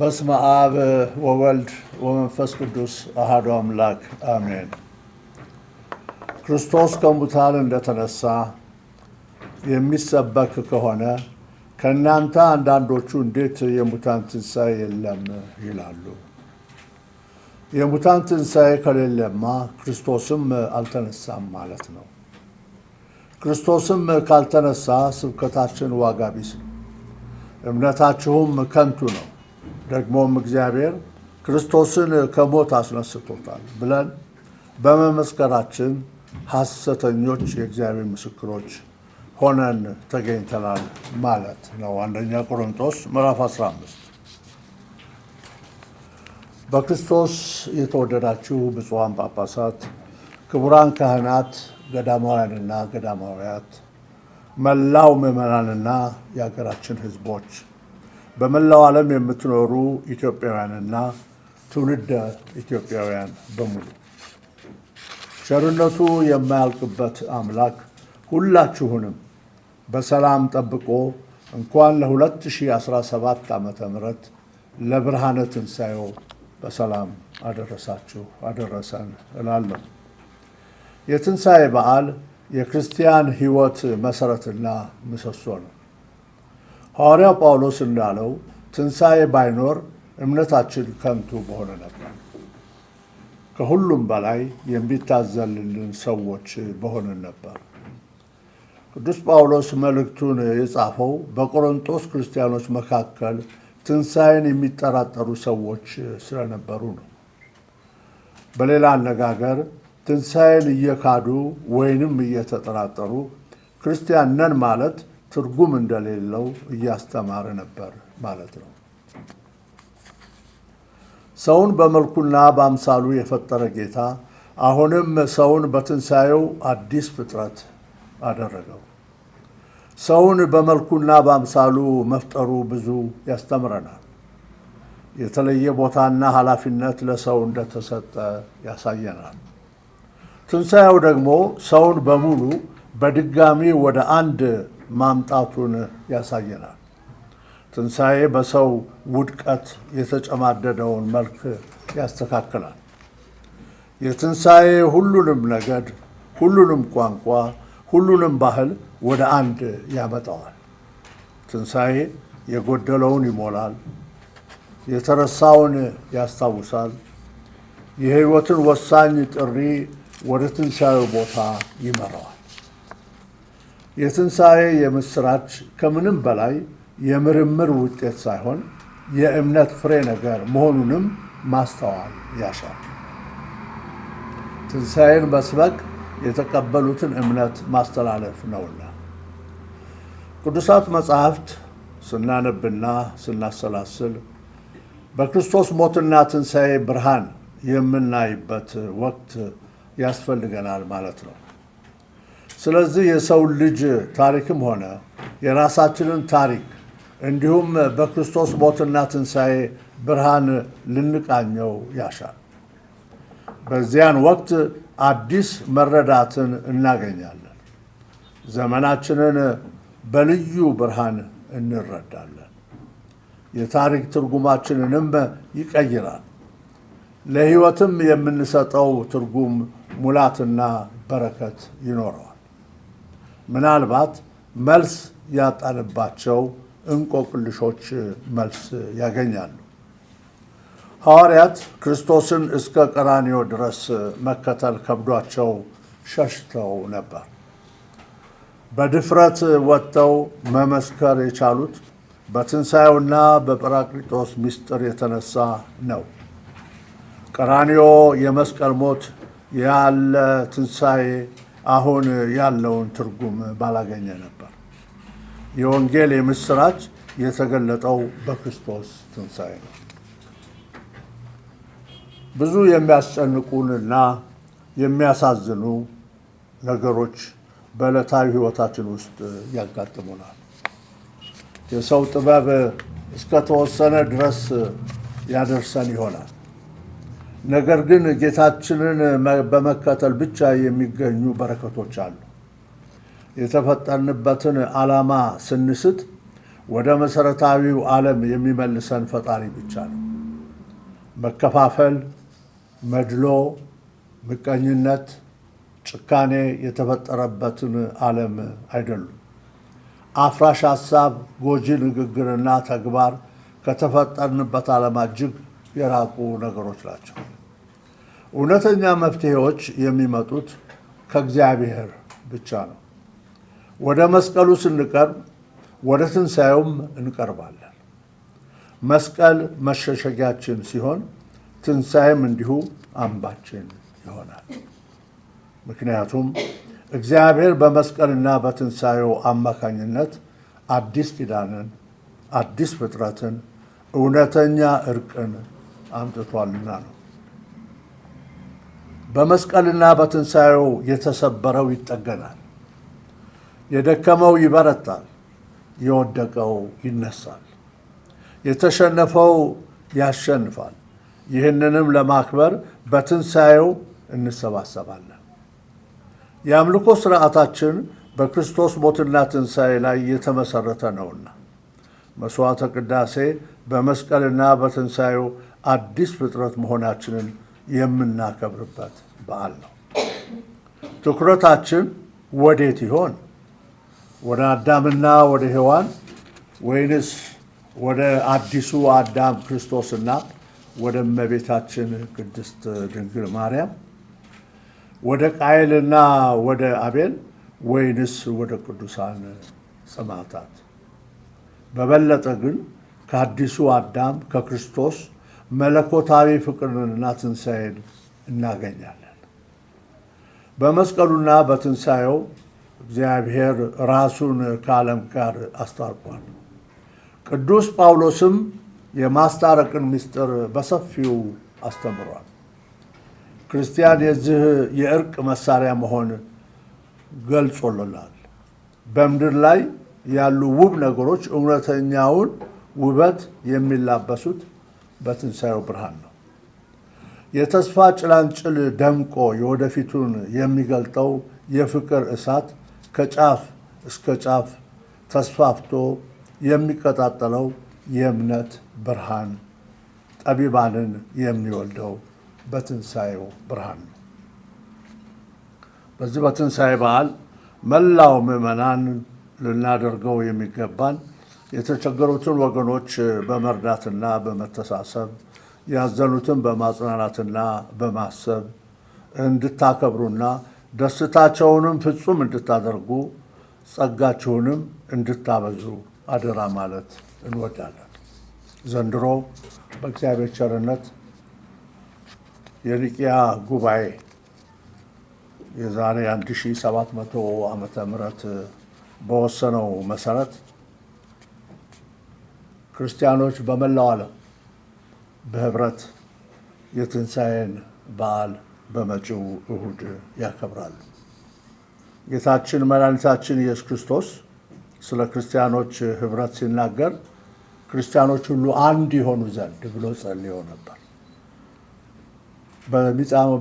በስመ አብ ወወልድ ወመንፈስ ቅዱስ አሐዱ አምላክ አሜን። ክርስቶስ ከሙታን እንደተነሳ የሚሰበክ ከሆነ ከእናንተ አንዳንዶቹ እንዴት የሙታን ትንሣኤ የለም ይላሉ? የሙታን ትንሣኤ ከሌለማ ክርስቶስም አልተነሳም ማለት ነው። ክርስቶስም ካልተነሳ ስብከታችን ዋጋ ቢስ ነው፣ እምነታችሁም ከንቱ ነው። ደግሞም እግዚአብሔር ክርስቶስን ከሞት አስነስቶታል ብለን በመመስከራችን ሐሰተኞች የእግዚአብሔር ምስክሮች ሆነን ተገኝተናል ማለት ነው። አንደኛ ቆሮንቶስ ምዕራፍ 15 በክርስቶስ የተወደዳችሁ ብፁዓን ጳጳሳት፣ ክቡራን ካህናት፣ ገዳማውያንና ገዳማውያት፣ መላው ምዕመናንና የሀገራችን ሕዝቦች በመላው ዓለም የምትኖሩ ኢትዮጵያውያንና ትውልደ ኢትዮጵያውያን በሙሉ ቸርነቱ የማያልቅበት አምላክ ሁላችሁንም በሰላም ጠብቆ እንኳን ለ2017 ዓ ም ለብርሃነ ትንሣኤው በሰላም አደረሳችሁ አደረሰን እላለሁ። የትንሣኤ በዓል የክርስቲያን ሕይወት መሠረትና ምሰሶ ነው። ሐዋርያው ጳውሎስ እንዳለው ትንሣኤ ባይኖር እምነታችን ከንቱ በሆነ ነበር። ከሁሉም በላይ የሚታዘልልን ሰዎች በሆንን ነበር። ቅዱስ ጳውሎስ መልእክቱን የጻፈው በቆሮንቶስ ክርስቲያኖች መካከል ትንሣኤን የሚጠራጠሩ ሰዎች ስለነበሩ ነው። በሌላ አነጋገር ትንሣኤን እየካዱ ወይንም እየተጠራጠሩ ክርስቲያን ነን ማለት ትርጉም እንደሌለው እያስተማረ ነበር ማለት ነው። ሰውን በመልኩና በአምሳሉ የፈጠረ ጌታ አሁንም ሰውን በትንሣኤው አዲስ ፍጥረት አደረገው። ሰውን በመልኩና በአምሳሉ መፍጠሩ ብዙ ያስተምረናል። የተለየ ቦታና ኃላፊነት ለሰው እንደተሰጠ ያሳየናል። ትንሣኤው ደግሞ ሰውን በሙሉ በድጋሚ ወደ አንድ ማምጣቱን ያሳየናል። ትንሣኤ በሰው ውድቀት የተጨማደደውን መልክ ያስተካክላል። የትንሣኤ ሁሉንም ነገድ፣ ሁሉንም ቋንቋ፣ ሁሉንም ባህል ወደ አንድ ያመጣዋል። ትንሣኤ የጎደለውን ይሞላል፣ የተረሳውን ያስታውሳል፣ የሕይወትን ወሳኝ ጥሪ ወደ ትንሣኤው ቦታ ይመራዋል። የትንሣኤ የምሥራች ከምንም በላይ የምርምር ውጤት ሳይሆን የእምነት ፍሬ ነገር መሆኑንም ማስተዋል ያሻል። ትንሣኤን መስበክ የተቀበሉትን እምነት ማስተላለፍ ነውና ቅዱሳት መጻሕፍት ስናነብና ስናሰላስል በክርስቶስ ሞትና ትንሣኤ ብርሃን የምናይበት ወቅት ያስፈልገናል ማለት ነው። ስለዚህ የሰው ልጅ ታሪክም ሆነ የራሳችንን ታሪክ እንዲሁም በክርስቶስ ሞትና ትንሣኤ ብርሃን ልንቃኘው ያሻል። በዚያን ወቅት አዲስ መረዳትን እናገኛለን። ዘመናችንን በልዩ ብርሃን እንረዳለን። የታሪክ ትርጉማችንንም ይቀይራል። ለሕይወትም የምንሰጠው ትርጉም ሙላትና በረከት ይኖረዋል። ምናልባት መልስ ያጣንባቸው እንቆቅልሾች መልስ ያገኛሉ። ሐዋርያት ክርስቶስን እስከ ቀራንዮ ድረስ መከተል ከብዷቸው ሸሽተው ነበር። በድፍረት ወጥተው መመስከር የቻሉት በትንሣኤውና በጰራቅሊጦስ ምስጢር የተነሳ ነው። ቀራንዮ የመስቀል ሞት ያለ ትንሣኤ አሁን ያለውን ትርጉም ባላገኘ ነበር። የወንጌል የምስራች የተገለጠው በክርስቶስ ትንሣኤ ነው። ብዙ የሚያስጨንቁንና የሚያሳዝኑ ነገሮች በዕለታዊ ሕይወታችን ውስጥ ያጋጥሙናል። የሰው ጥበብ እስከ ተወሰነ ድረስ ያደርሰን ይሆናል። ነገር ግን ጌታችንን በመከተል ብቻ የሚገኙ በረከቶች አሉ። የተፈጠርንበትን ዓላማ ስንስት ወደ መሰረታዊው ዓለም የሚመልሰን ፈጣሪ ብቻ ነው። መከፋፈል፣ መድሎ፣ ምቀኝነት፣ ጭካኔ የተፈጠረበትን ዓለም አይደሉም። አፍራሽ ሐሳብ፣ ጎጂ ንግግርና ተግባር ከተፈጠርንበት ዓለም እጅግ የራቁ ነገሮች ናቸው። እውነተኛ መፍትሄዎች የሚመጡት ከእግዚአብሔር ብቻ ነው። ወደ መስቀሉ ስንቀርብ ወደ ትንሣኤውም እንቀርባለን። መስቀል መሸሸጊያችን ሲሆን፣ ትንሣኤም እንዲሁ አምባችን ይሆናል። ምክንያቱም እግዚአብሔር በመስቀልና በትንሣኤው አማካኝነት አዲስ ኪዳንን፣ አዲስ ፍጥረትን፣ እውነተኛ እርቅን አምጥቷልና ነው። በመስቀልና በትንሣኤው የተሰበረው ይጠገናል፣ የደከመው ይበረታል፣ የወደቀው ይነሳል፣ የተሸነፈው ያሸንፋል። ይህንንም ለማክበር በትንሣኤው እንሰባሰባለን። የአምልኮ ሥርዓታችን በክርስቶስ ሞትና ትንሣኤ ላይ የተመሠረተ ነውና መስዋዕተ ቅዳሴ በመስቀልና በትንሣኤው አዲስ ፍጥረት መሆናችንን የምናከብርበት በዓል ነው። ትኩረታችን ወዴት ይሆን? ወደ አዳምና ወደ ሔዋን ወይንስ ወደ አዲሱ አዳም ክርስቶስና ወደ እመቤታችን ቅድስት ድንግል ማርያም? ወደ ቃየልና ወደ አቤል ወይንስ ወደ ቅዱሳን ሰማዕታት? በበለጠ ግን ከአዲሱ አዳም ከክርስቶስ መለኮታዊ ፍቅርንና ትንሣኤን እናገኛለን። በመስቀሉና በትንሣኤው እግዚአብሔር ራሱን ከዓለም ጋር አስታርቋል። ቅዱስ ጳውሎስም የማስታረቅን ምስጢር በሰፊው አስተምሯል። ክርስቲያን የዚህ የእርቅ መሳሪያ መሆን ገልጾልናል። በምድር ላይ ያሉ ውብ ነገሮች እውነተኛውን ውበት የሚላበሱት በትንሣኤው ብርሃን ነው። የተስፋ ጭላንጭል ደምቆ የወደፊቱን የሚገልጠው የፍቅር እሳት ከጫፍ እስከ ጫፍ ተስፋፍቶ የሚቀጣጠለው የእምነት ብርሃን ጠቢባንን የሚወልደው በትንሣኤው ብርሃን ነው። በዚህ በትንሣኤ በዓል መላው ምዕመናን ልናደርገው የሚገባን የተቸገሩትን ወገኖች በመርዳትና በመተሳሰብ ያዘኑትን በማጽናናትና በማሰብ እንድታከብሩና ደስታቸውንም ፍጹም እንድታደርጉ ጸጋችሁንም እንድታበዙ አደራ ማለት እንወዳለን። ዘንድሮ በእግዚአብሔር ቸርነት የኒቅያ ጉባኤ የዛሬ 1700 ዓመተ ምሕረት በወሰነው መሰረት ክርስቲያኖች በመላው ዓለም በህብረት የትንሣኤን በዓል በመጪው እሁድ ያከብራሉ። ጌታችን መድኃኒታችን ኢየሱስ ክርስቶስ ስለ ክርስቲያኖች ህብረት ሲናገር ክርስቲያኖች ሁሉ አንድ የሆኑ ዘንድ ብሎ ጸልዮ ነበር።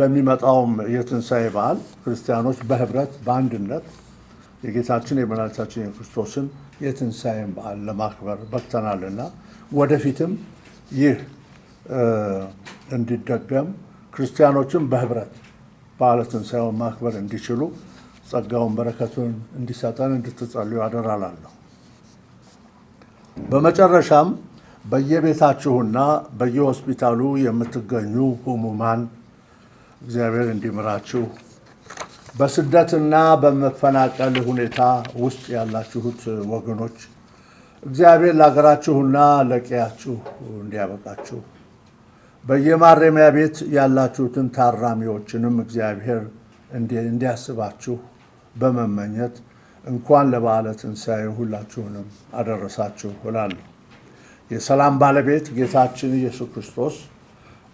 በሚመጣውም የትንሣኤ በዓል ክርስቲያኖች በህብረት በአንድነት የጌታችን የመድኃኒታችን የክርስቶስን የትንሣኤን በዓል ለማክበር በቅተናልና ወደፊትም ይህ እንዲደገም ክርስቲያኖችን በህብረት በዓለ ትንሣኤውን ማክበር እንዲችሉ ጸጋውን በረከቱን እንዲሰጠን እንድትጸልዩ አደራላለሁ። በመጨረሻም በየቤታችሁና በየሆስፒታሉ የምትገኙ ህሙማን እግዚአብሔር እንዲምራችሁ በስደትና በመፈናቀል ሁኔታ ውስጥ ያላችሁት ወገኖች እግዚአብሔር ለሀገራችሁና ለቀያችሁ እንዲያበቃችሁ በየማረሚያ ቤት ያላችሁትን ታራሚዎችንም እግዚአብሔር እንዲያስባችሁ በመመኘት እንኳን ለበዓለ ትንሣኤ ሁላችሁንም አደረሳችሁ እላለሁ። የሰላም ባለቤት ጌታችን ኢየሱስ ክርስቶስ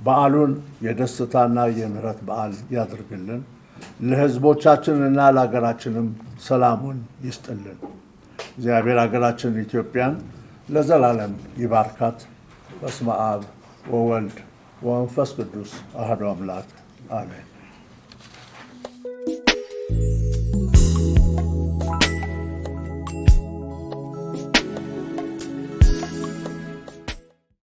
በዓሉን የደስታና የምሕረት በዓል ያድርግልን። እና ለሀገራችንም ሰላሙን ይስጥልን። እግዚአብሔር ሀገራችን ኢትዮጵያን ለዘላለም ይባርካት። በስመ አብ ወወልድ ወመንፈስ ቅዱስ አህዶ አምላክ አሜን።